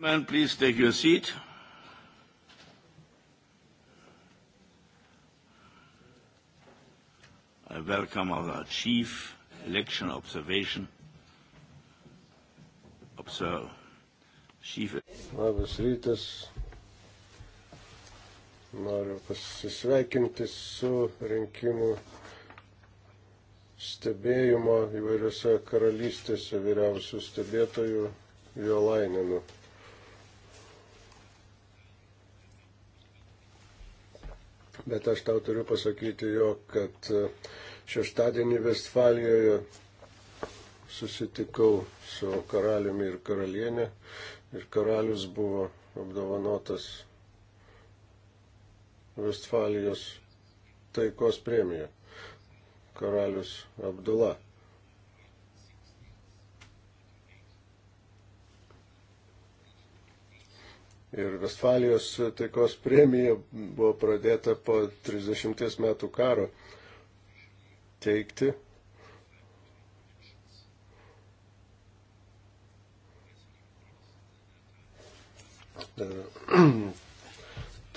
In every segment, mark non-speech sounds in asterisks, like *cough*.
Gentlemen, please take your seat. I welcome our Chief Election Observation. Observe. Chief. Labas rytas. Noriu pasisveikinti su rinkimų stebėjimo įvairiose karalystėse vyriausių stebėtojų Jolainenu. bet aš tau turiu pasakyti jo, kad e, šeštadienį Vestfalijoje susitikau su karaliumi ir karalienė ir karalius buvo apdovanotas Vestfalijos taikos premija. Karalius Abdula. ir Vestfalijos taikos premija buvo pradėta po 30 metų karo teikti. *clears throat*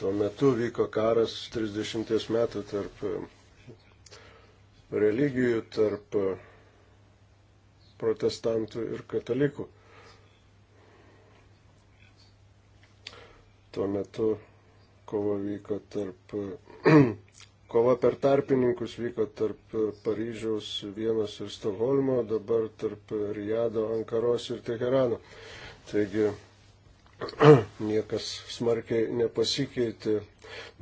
Tuo metu vyko karas 30 metų tarp e, religijų, tarp e, protestantų ir katalikų. Tuo metu kova vyko tarp, *clears throat* kova per tarpininkus vyko tarp Paryžiaus, Vienos ir Stokholmo, dabar tarp Rijado, Ankaros ir Teherano. Taigi *clears throat* niekas smarkiai nepasikeitė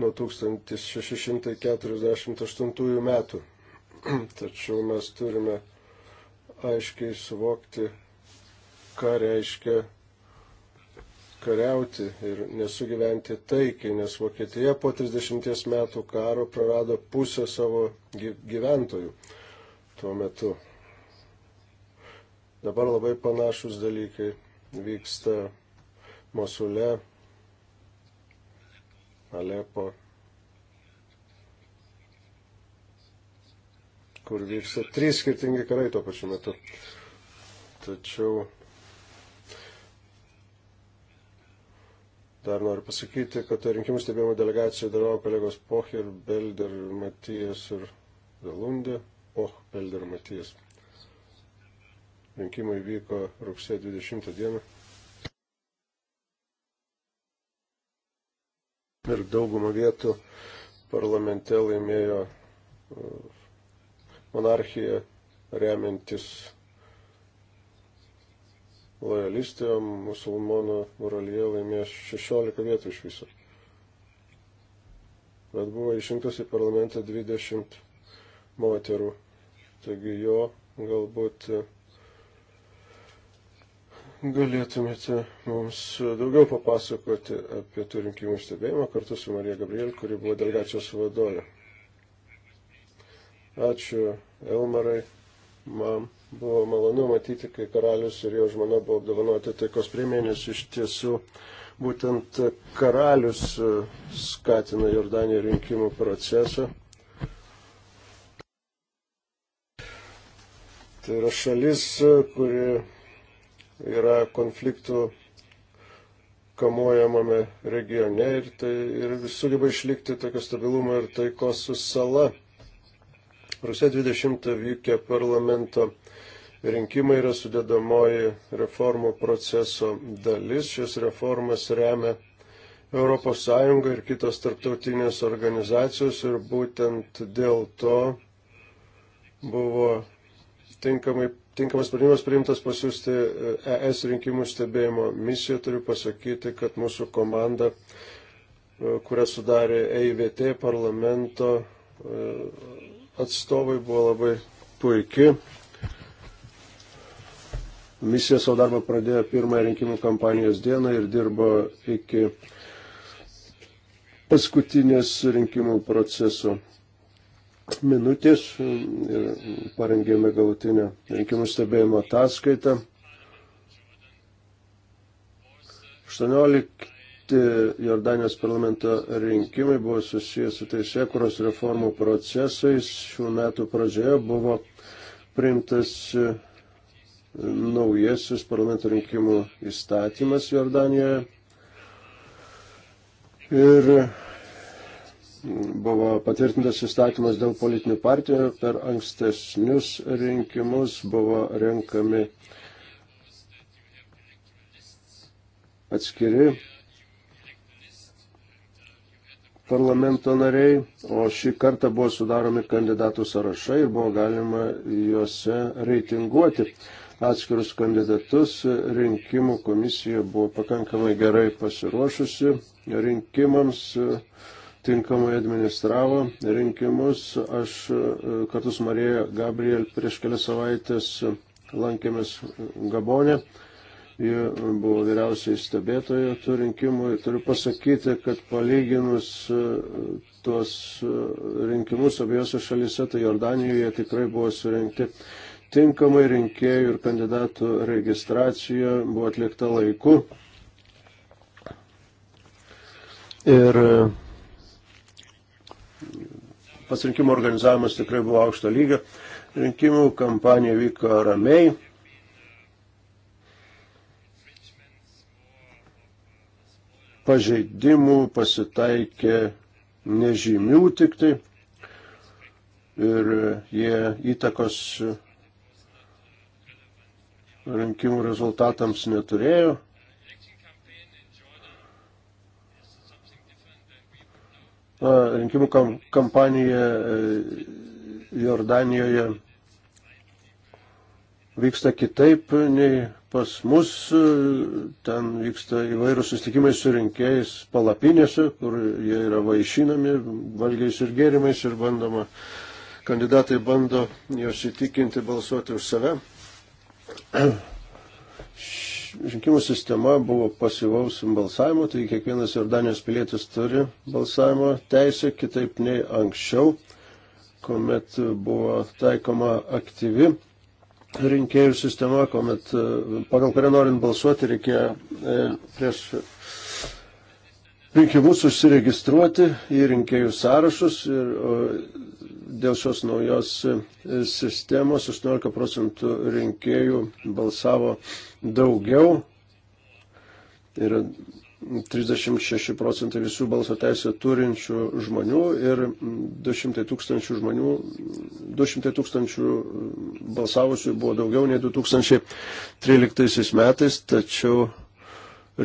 nuo 1648 metų. *clears throat* Tačiau mes turime aiškiai suvokti, ką reiškia kariauti ir nesugyventi taikiai, nes Vokietija po 30 metų karo prarado pusę savo gyventojų tuo metu. Dabar labai panašus dalykai vyksta Mosule, Alepo, kur vyksta trys skirtingi karai tuo pačiu metu. Tačiau Dar noriu pasakyti, kad rinkimų stebėjimo delegacijoje dalyvavo kolegos Poch ir Belder Matijas ir Dalundė. Poch, Belder Matijas. Rinkimai vyko rugsėjo 20 dieną. Ir daugumą vietų parlamente laimėjo uh, monarchija remiantis lojalistė musulmonų moralyje laimėjo 16 vietų iš viso. Bet buvo išrinktas į parlamentą 20 moterų. Taigi jo galbūt galėtumėte mums daugiau papasakoti apie tų rinkimų stebėjimą kartu su Marija Gabriel, kuri buvo delegacijos vadovė. Ačiū Elmarai, mam. Buvo malonu matyti, kai karalius ir jo žmona buvo apdovanoti taikos premijomis. Iš tiesų, būtent karalius e, skatina Jordanijos rinkimų procesą. Tai yra šalis, e, kuri yra konfliktų kamuojamame regione ir, tai, ir sugeba išlikti tokio stabilumo ir taikos su sala. Rusė 20 vykę parlamento rinkimai yra sudėdamoji reformų proceso dalis. Šias reformas remia ES ir kitos tarptautinės organizacijos ir būtent dėl to buvo tinkamai, tinkamas sprendimas priimtas pasiūsti ES e rinkimų stebėjimo misiją. Turiu pasakyti, kad mūsų komanda, e, kurią sudarė EIVT parlamento e, atstovai buvo labai puiki. Misija savo darbą pradėjo pirmąją rinkimų kampanijos dieną ir dirbo iki paskutinės rinkimų proceso minutės ir parengėme galutinę rinkimų stebėjimo ataskaitą. 18 Kiti Jordanijos parlamento rinkimai buvo susijęs su teisėkuros reformų procesais. Šių metų pradžioje buvo priimtas e, naujasis parlamento rinkimų įstatymas Jordanijoje. Ir e, buvo patvirtintas įstatymas dėl politinių partijų, per ankstesnius rinkimus buvo renkami atskiri parlamento nariai, o šį kartą buvo sudaromi kandidatų sąrašai ir buvo galima juose reitinguoti atskirus kandidatus. Rinkimų komisija buvo pakankamai gerai pasiruošusi rinkimams, tinkamai administravo rinkimus. Aš e, kartu su Marija Gabriel prieš kelias savaitės lankėmės Gabonė. E Ji buvo vyriausiai stebėtoja tų rinkimų ir turiu pasakyti, kad palyginus e, tuos e, rinkimus abiejose šalyse, tai Jordanijoje tikrai buvo surinkti tinkamai rinkėjų ir kandidatų registracija, buvo atlikta laiku. Ir e, pasirinkimo organizavimas tikrai buvo aukšto lygio. Rinkimų kampanija vyko ramiai pažeidimų pasitaikė nežymių tik tai ir jie įtakos rinkimų rezultatams neturėjo. Na, rinkimų kam kampanija e, Jordanijoje vyksta kitaip nei pas mus. Ten vyksta įvairūs susitikimai su rinkėjais palapinėse, kur jie yra vaišinami valgiais ir gėrimais ir bandoma, kandidatai bando juos įtikinti balsuoti už save. Rinkimų sistema buvo pasivaus balsavimo, tai kiekvienas Jordanijos pilietis turi balsavimo teisę, kitaip nei anksčiau, kuomet buvo taikoma aktyvi rinkėjų sistema, kuomet e, pagal kurią norint balsuoti reikia e, prieš rinkimus užsiregistruoti į rinkėjų sąrašus ir dėl šios naujos e, sistemos 18 procentų rinkėjų balsavo daugiau ir 36 procentai visų balso teisę turinčių žmonių ir 200 tūkstančių žmonių, 200 tūkstančių balsavusių buvo daugiau nei 2013 metais, tačiau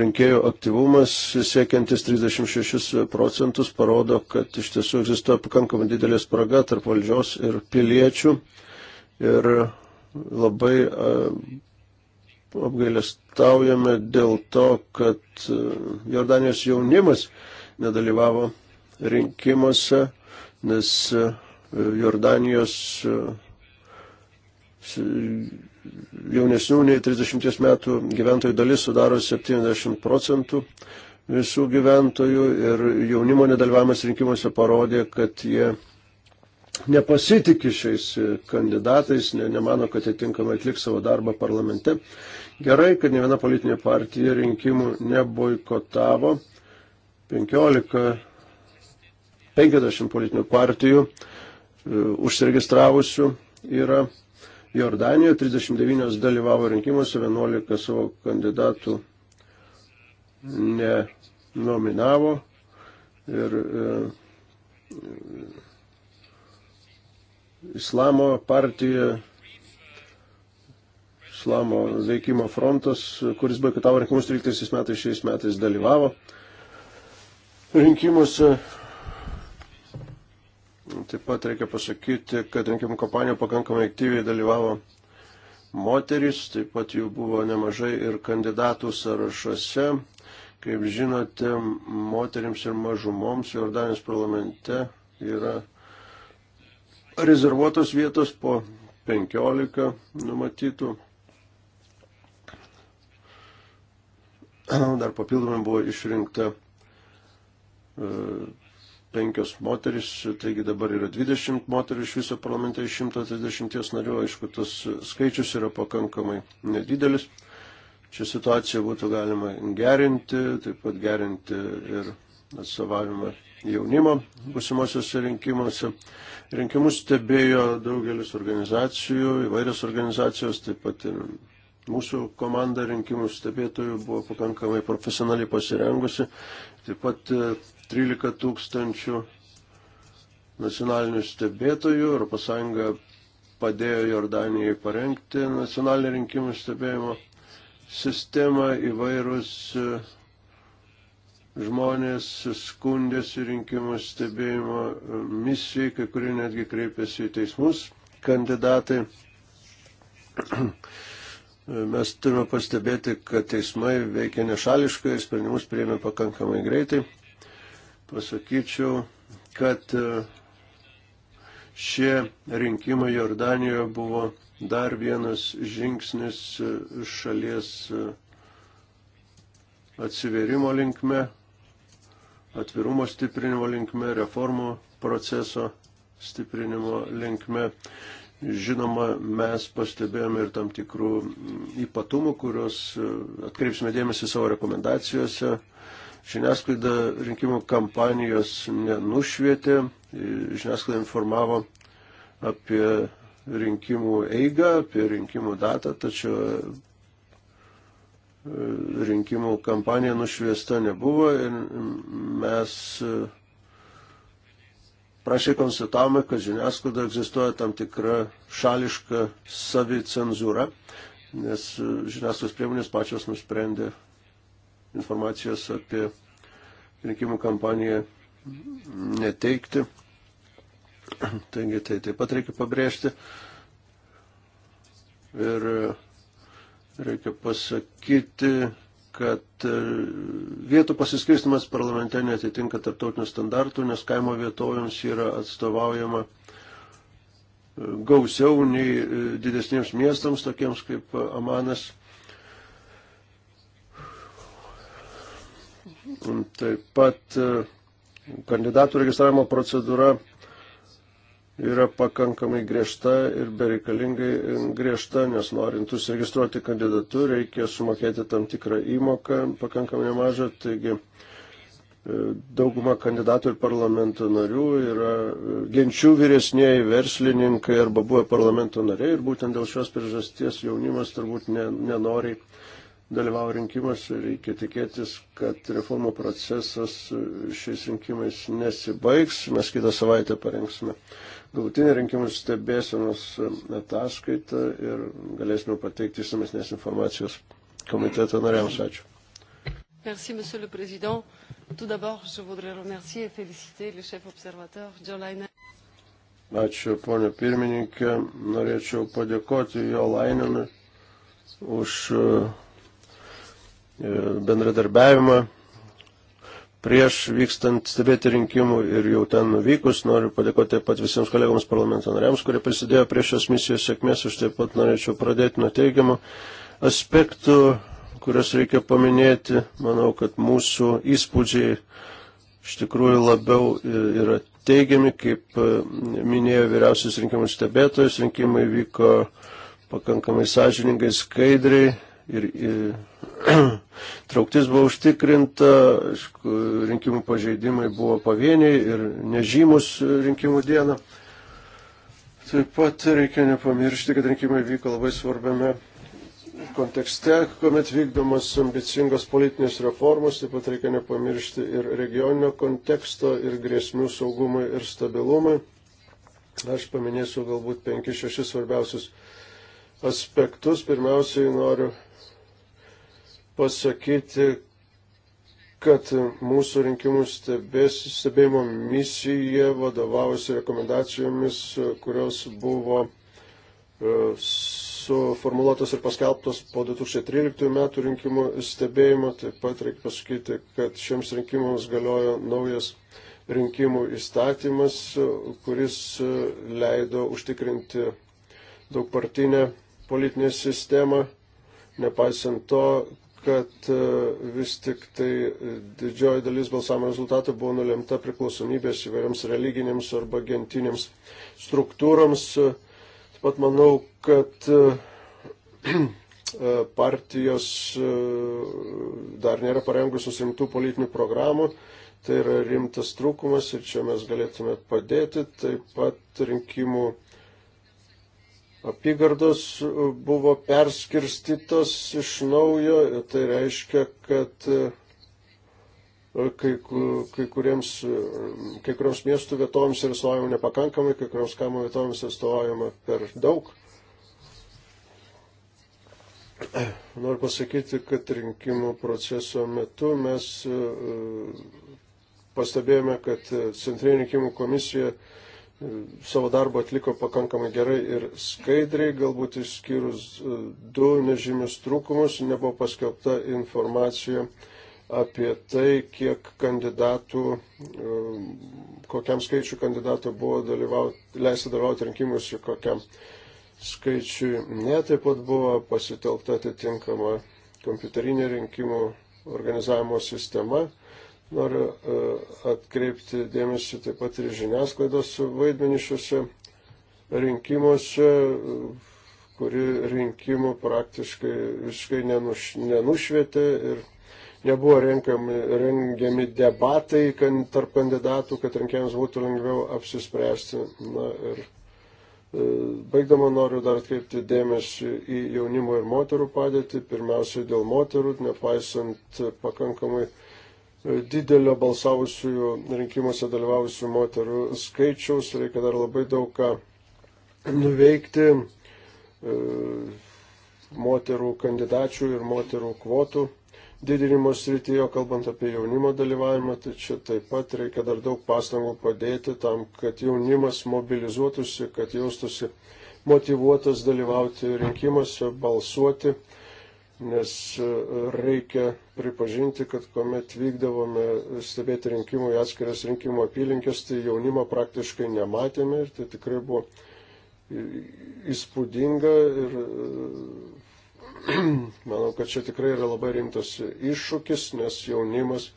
rinkėjų aktyvumas siekiantis 36 procentus parodo, kad iš tiesų egzistuoja pakankamai didelė spraga tarp valdžios ir piliečių ir labai apgailestaujame dėl to, kad e, Jordanijos jaunimas nedalyvavo rinkimuose, nes e, Jordanijos e, jaunesnių nei 30 metų gyventojų dalis sudaro 70 procentų visų gyventojų ir jaunimo nedalyvavimas rinkimuose parodė, kad jie nepasitikė šiais kandidatais, ne, nemano, kad atitinkamai atliks savo darbą parlamente. Gerai, kad ne viena politinė partija rinkimų neboikotavo. 15, 50 politinių partijų e, užsiregistravusių yra Jordanijoje, 39 dalyvavo rinkimuose, 11 savo kandidatų nenominavo ir e, Islamo partija, Islamo veikimo frontas, kuris boikotavo rinkimus 13 metais, šiais metais dalyvavo rinkimuose. Taip pat reikia pasakyti, kad rinkimų kampanijoje pakankamai aktyviai dalyvavo moteris, taip pat jų buvo nemažai ir kandidatų sąrašuose. Kaip žinote, moteriams ir mažumoms Jordanijos parlamente yra rezervuotos vietos po 15 numatytų. Dar papildomai buvo išrinkta e, penkios moteris, taigi dabar yra 20 moterų iš viso parlamente iš 130 narių, aišku, tas skaičius yra pakankamai nedidelis. Čia situaciją būtų galima gerinti, taip pat gerinti ir atstovavimą jaunimo busimuosiuose rinkimuose. Rinkimus stebėjo daugelis organizacijų, įvairios organizacijos, taip pat ir mūsų komanda rinkimų stebėtojų buvo pakankamai profesionaliai pasirengusi. Taip pat 13 e, tūkstančių nacionalinių stebėtojų ES padėjo Jordanijai parengti nacionalinį rinkimų stebėjimo sistemą įvairūs e, žmonės skundėsi rinkimų stebėjimo misijai, kai kurie netgi kreipėsi į teismus kandidatai. *clears throat* Mes turime pastebėti, kad teismai veikia nešališkai, sprendimus prieimė pakankamai greitai. Pasakyčiau, kad e, šie rinkimai Jordanijoje buvo dar vienas žingsnis e, šalies e, atsiverimo linkme, atvirumo stiprinimo linkme, reformų proceso stiprinimo linkme. Žinoma, mes pastebėjome ir tam tikrų ypatumų, kuriuos e, atkreipsime dėmesį savo rekomendacijose. Žiniasklaida rinkimų kampanijos nenušvietė, e, žiniasklaida informavo apie rinkimų eigą, apie rinkimų datą, tačiau rinkimų kampanija nušviesta nebuvo ir mes e, prašiai konstatavome, kad žiniasklaida egzistuoja tam tikra šališka savicenzūra, nes e, žiniasklaidos priemonės pačios nusprendė informacijos apie rinkimų kampaniją neteikti. Taigi tai taip pat reikia pabrėžti. Ir e, Reikia pasakyti, kad e, vietų pasiskirstimas parlamente netitinka tarptautinių standartų, nes kaimo vietovėms yra atstovaujama e, gausiau nei e, didesniems miestams, tokiems kaip Amanas. Taip pat kandidatų registravimo procedūra yra pakankamai griežta ir bereikalingai griežta, nes norint užsiregistruoti kandidatu reikia sumokėti tam tikrą įmoką, pakankamai nemažą, taigi e, dauguma kandidatų ir parlamento narių yra e, genčių vyresnėji verslininkai arba buvę parlamento nariai ir būtent dėl šios priežasties jaunimas turbūt nenori dalyvauja rinkimuose, reikia tikėtis, kad reformų procesas šiais rinkimais nesibaigs. Mes kitą savaitę parengsime galutinį rinkimų stebėsenos ataskaitą ir galėsime pateikti išsamesnės informacijos komiteto nariams. Ačiū. Merci, Monsieur le Président. Tout d'abord, je voudrais remercier et féliciter le chef observateur Joe Leinen. Ačiū, ponė pirmininkė. Norėčiau padėkoti jo Laininui už uh, E, bendradarbiavimą prieš vykstant stebėti rinkimų ir jau ten nuvykus. Noriu padėkoti taip pat visiems kolegoms parlamento nariams, kurie prisidėjo prie šios misijos sėkmės. Aš taip pat norėčiau pradėti nuo teigiamų aspektų, kurias reikia paminėti. Manau, kad mūsų įspūdžiai iš tikrųjų labiau yra teigiami, kaip e, minėjo vyriausias rinkimų stebėtojas. Rinkimai vyko pakankamai sąžiningai, skaidriai ir, ir *clears throat* trauktis buvo užtikrinta, aišku, rinkimų pažeidimai buvo pavieniai ir nežymus rinkimų dieną. Taip pat reikia nepamiršti, kad rinkimai vyko labai svarbiame kontekste, kuomet vykdomas ambicingos politinės reformos, taip pat reikia nepamiršti ir regioninio konteksto, ir grėsmių saugumui ir stabilumui. Aš paminėsiu galbūt penki, šeši svarbiausius aspektus. Pirmiausiai noriu pasakyti, kad mūsų rinkimų stebės, stebėjimo misija vadovavosi rekomendacijomis, kurios buvo e, suformuoluotos ir paskelbtos po 2013 metų rinkimų stebėjimo. Taip pat reikia pasakyti, kad šiems rinkimams galiojo naujas rinkimų įstatymas, kuris e, leido užtikrinti daugpartinę politinę sistemą. Nepaisant to, kad e, vis tik tai didžioji dalis balsavimo rezultatų buvo nulemta priklausomybės įvairiams religinėms arba gentinėms struktūroms. Taip pat manau, kad e, e, partijos dar nėra parengusios rimtų politinių programų. Tai yra rimtas trūkumas ir čia mes galėtume padėti. Taip pat rinkimų apygardos buvo perskirstytos iš naujo, tai reiškia, kad e, kai, kai, kuriems, e, kai kurioms miestų vietovėms yra stovėjama nepakankamai, kai kurioms kaimo vietovėms yra stovėjama per daug. *clears throat* Noriu pasakyti, kad rinkimų proceso metu mes e, pastebėjome, kad Centrinė rinkimų komisija savo darbą atliko pakankamai gerai ir skaidriai, galbūt išskyrus e, du nežymius trūkumus, nebuvo paskelbta informacija apie tai, kiek kandidatų, e, kokiam skaičiu kandidatų buvo dalyvauti, leista dalyvauti rinkimuose, kokiam skaičiui ne, taip pat buvo pasitelkta atitinkama kompiuterinė rinkimų organizavimo sistema Noriu e, atkreipti dėmesį taip pat ir žiniasklaidos vaidmenį šiuose rinkimuose, kuri rinkimų praktiškai visiškai nenuš, nenušvietė ir nebuvo renkami, rengiami debatai kan, tarp kandidatų, kad rinkėjams būtų lengviau apsispręsti. Na, ir, e, Baigdama noriu dar atkreipti dėmesį į jaunimo ir moterų padėtį, pirmiausiai dėl moterų, nepaisant pakankamai uh, didelio balsavusiųjų rinkimuose dalyvavusių moterų skaičiaus, reikia dar labai daug ką nuveikti e, moterų kandidačių ir moterų kvotų didinimo srityje, kalbant apie jaunimo dalyvavimą, tai čia taip pat reikia dar daug pastangų padėti tam, kad jaunimas mobilizuotųsi, kad jaustųsi motivuotas dalyvauti rinkimuose, balsuoti nes e, reikia pripažinti, kad kuomet vykdavome stebėti rinkimų į atskiras rinkimų apylinkės, tai jaunimo praktiškai nematėme ir tai tikrai buvo įspūdinga ir e, *clears throat* manau, kad čia tikrai yra labai rimtas iššūkis, nes jaunimas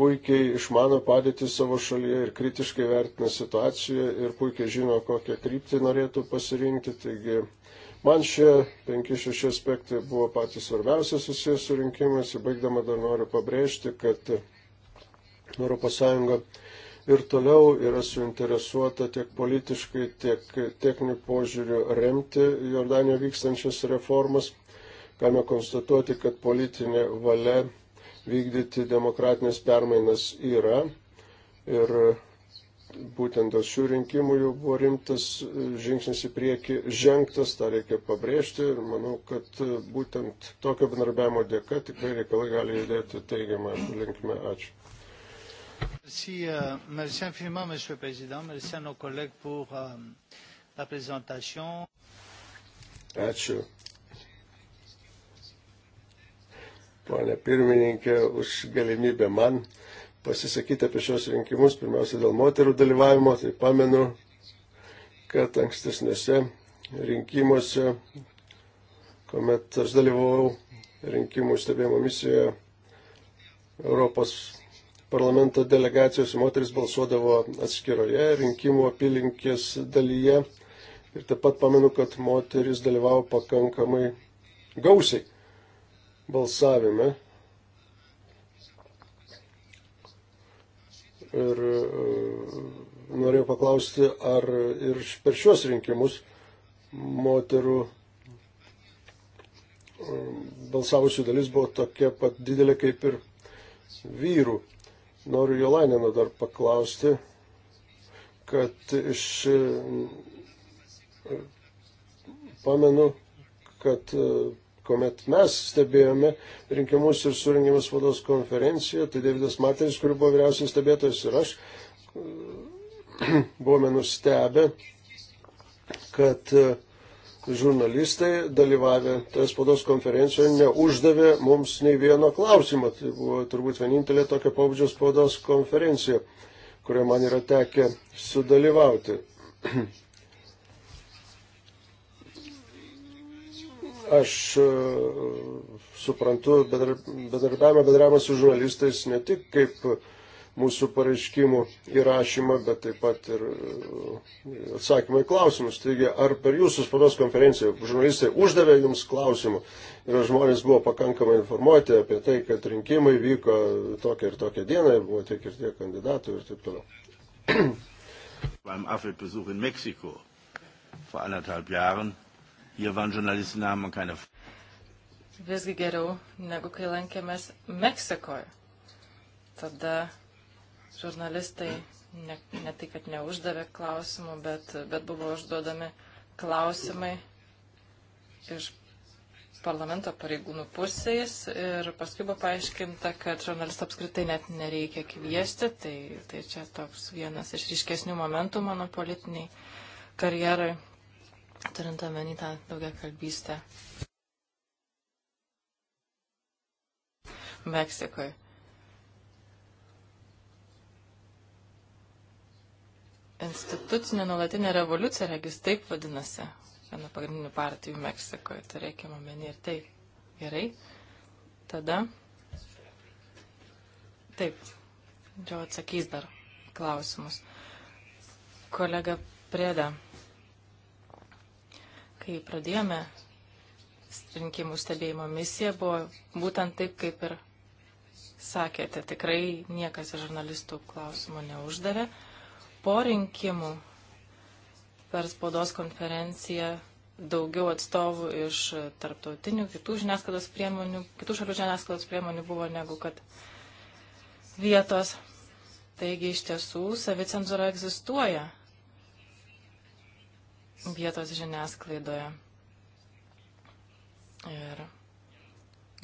puikiai išmano padėtį savo šalyje ir kritiškai vertina situaciją ir puikiai žino, kokią kryptį norėtų pasirinkti. Taigi, Man šie 5-6 aspektai buvo patys svarbiausia susijęs su rinkimais ir baigdama dar noriu pabrėžti, kad ES ir toliau yra suinteresuota tiek politiškai, tiek techniniu požiūriu remti Jordanijoje vykstančias reformas. Galime konstatuoti, kad politinė valia vykdyti demokratinės permainas yra ir būtent dėl šių rinkimų jau buvo rimtas e, žingsnis į priekį žengtas, tą reikia pabrėžti ir manau, kad e, būtent tokio bendarbiavimo dėka tikrai reikalai gali judėti teigiamą linkme. Ačiū. Merci, euh, merci infiniment, Monsieur le Président. Merci à nos collègues pour euh, la présentation. Ačiū. Pone pirmininkė, už galimybę man pasisakyti apie šios rinkimus, pirmiausia dėl moterų dalyvavimo, tai pamenu, kad ankstesniuose rinkimuose, kuomet aš dalyvau rinkimų stebėjimo misijoje Europos parlamento delegacijos moteris balsuodavo atskiroje rinkimų apylinkės dalyje. Ir taip pat pamenu, kad moteris dalyvavo pakankamai gausiai balsavime. Ir e, norėjau paklausti, ar ir per šiuos rinkimus moterų e, balsavusių dalis buvo tokia pat didelė kaip ir vyrų. Noriu Jolainino dar paklausti, kad iš. E, pamenu, kad kuomet mes stebėjome rinkimus ir surinkėme spaudos konferenciją, tai Davidas Materis, kuri buvo vyriausias stebėtojas ir aš, *clears throat* buvome nustebę, kad e, žurnalistai dalyvavę toje spaudos konferencijoje neuždavė mums nei vieno klausimo. Tai buvo turbūt vienintelė tokia pobūdžio spaudos konferencija, kurioje man yra tekę sudalyvauti. *clears throat* Aš e, suprantu bedarbiavimą, bedarbiavimą su žurnalistais ne tik kaip mūsų pareiškimų įrašymą, bet taip pat ir e, atsakymą į klausimus. Taigi, ar per jūsų spados konferenciją žurnalistai uždavė jums klausimų ir žmonės buvo pakankamai informuoti apie tai, kad rinkimai vyko tokią ir tokią dieną, buvo tiek ir tiek kandidatų ir taip toliau. beim AFED-Besuch in Mexiko vor anderthalb Jahren Hier waren Journalistennamen und keine. Visgi geriau, negu kai lankėmės Meksikoje. Tada žurnalistai ne, ne tai, kad neuždavė klausimų, bet, bet buvo užduodami klausimai iš parlamento pareigūnų pusės ir paskui buvo paaiškinta, kad žurnalistą apskritai net nereikia kviesti, tai, tai čia toks vienas iš ryškesnių momentų mano politiniai karjerai turint omeny tą daugia kalbystę Meksikoje. Institucinė nuolatinė revoliucija, regis taip vadinasi, viena pagrindinių partijų Meksikoje, turėkime tai omeny ir tai. Gerai. Tada. Taip, Džio atsakys dar klausimus. Kolega Prėda kai pradėjome rinkimų stebėjimo misija buvo būtent taip, kaip ir sakėte. Tikrai niekas iš žurnalistų klausimų neuždavė. Po rinkimų per spaudos konferenciją daugiau atstovų iš tarptautinių kitų žiniasklaidos priemonių, kitų šalių žiniasklaidos priemonių buvo negu kad vietos. Taigi iš tiesų savicenzūra egzistuoja vietos žiniasklaidoje. Ir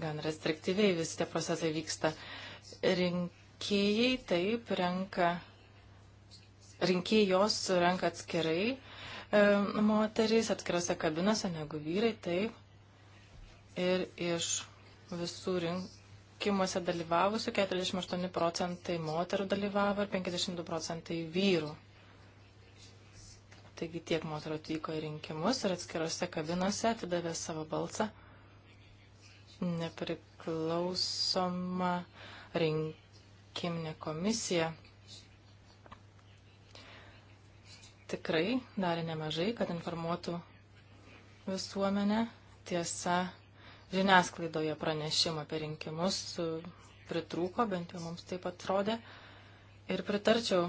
gan restriktyviai visi tie procesai vyksta. Rinkėjai taip renka, rinkėjos renka atskirai e, moterys, atskirose kabinose negu vyrai, taip. Ir iš visų rinkimuose dalyvavusių 48 procentai moterų dalyvavo ir 52 procentai vyrų. Taigi tiek moterų atvyko į rinkimus ir atskirose kabinose atidavė savo balsą nepriklausoma rinkiminė komisija. Tikrai darė nemažai, kad informuotų visuomenę. Tiesa, žiniasklaidoje pranešimą apie rinkimus pritrūko, bent jau mums taip atrodė. Ir pritarčiau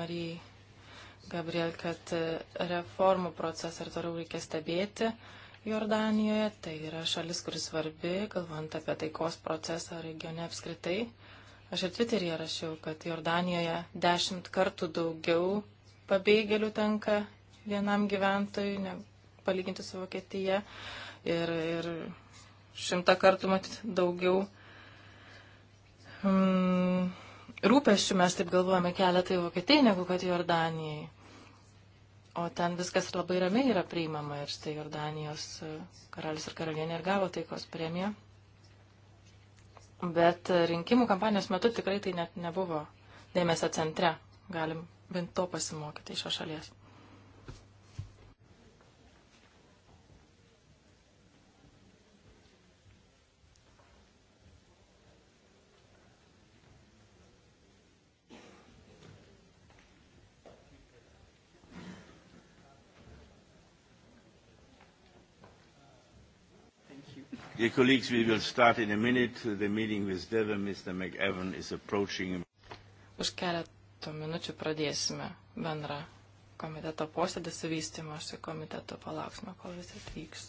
Marijai Gabriel, kad e, reformų procesą ir toliau reikia stebėti Jordanijoje. Tai yra šalis, kuris svarbi, galvant apie taikos procesą regione apskritai. Aš ir Twitter'yje rašiau, kad Jordanijoje dešimt kartų daugiau pabėgėlių tenka vienam gyventojui, ne, palyginti su Vokietija. Ir, ir šimtą kartų matyt daugiau. Mm, rūpeščių mes taip galvojame keletą į Vokietiją negu kad Jordanijai. O ten viskas labai ramiai yra priimama ir štai Jordanijos e, karalis ir karalienė ir gavo taikos premiją. Bet e, rinkimų kampanijos metu tikrai tai net nebuvo dėmesio centre. Galim bent to pasimokyti iš šios šalies. Dear colleagues, we will start in a minute. The meeting with Devon, Mr. McEwan is approaching. Už keletą minučių pradėsime bendrą komiteto posėdį su vystymosi komitetu. Palauksime, kol visi atvyks.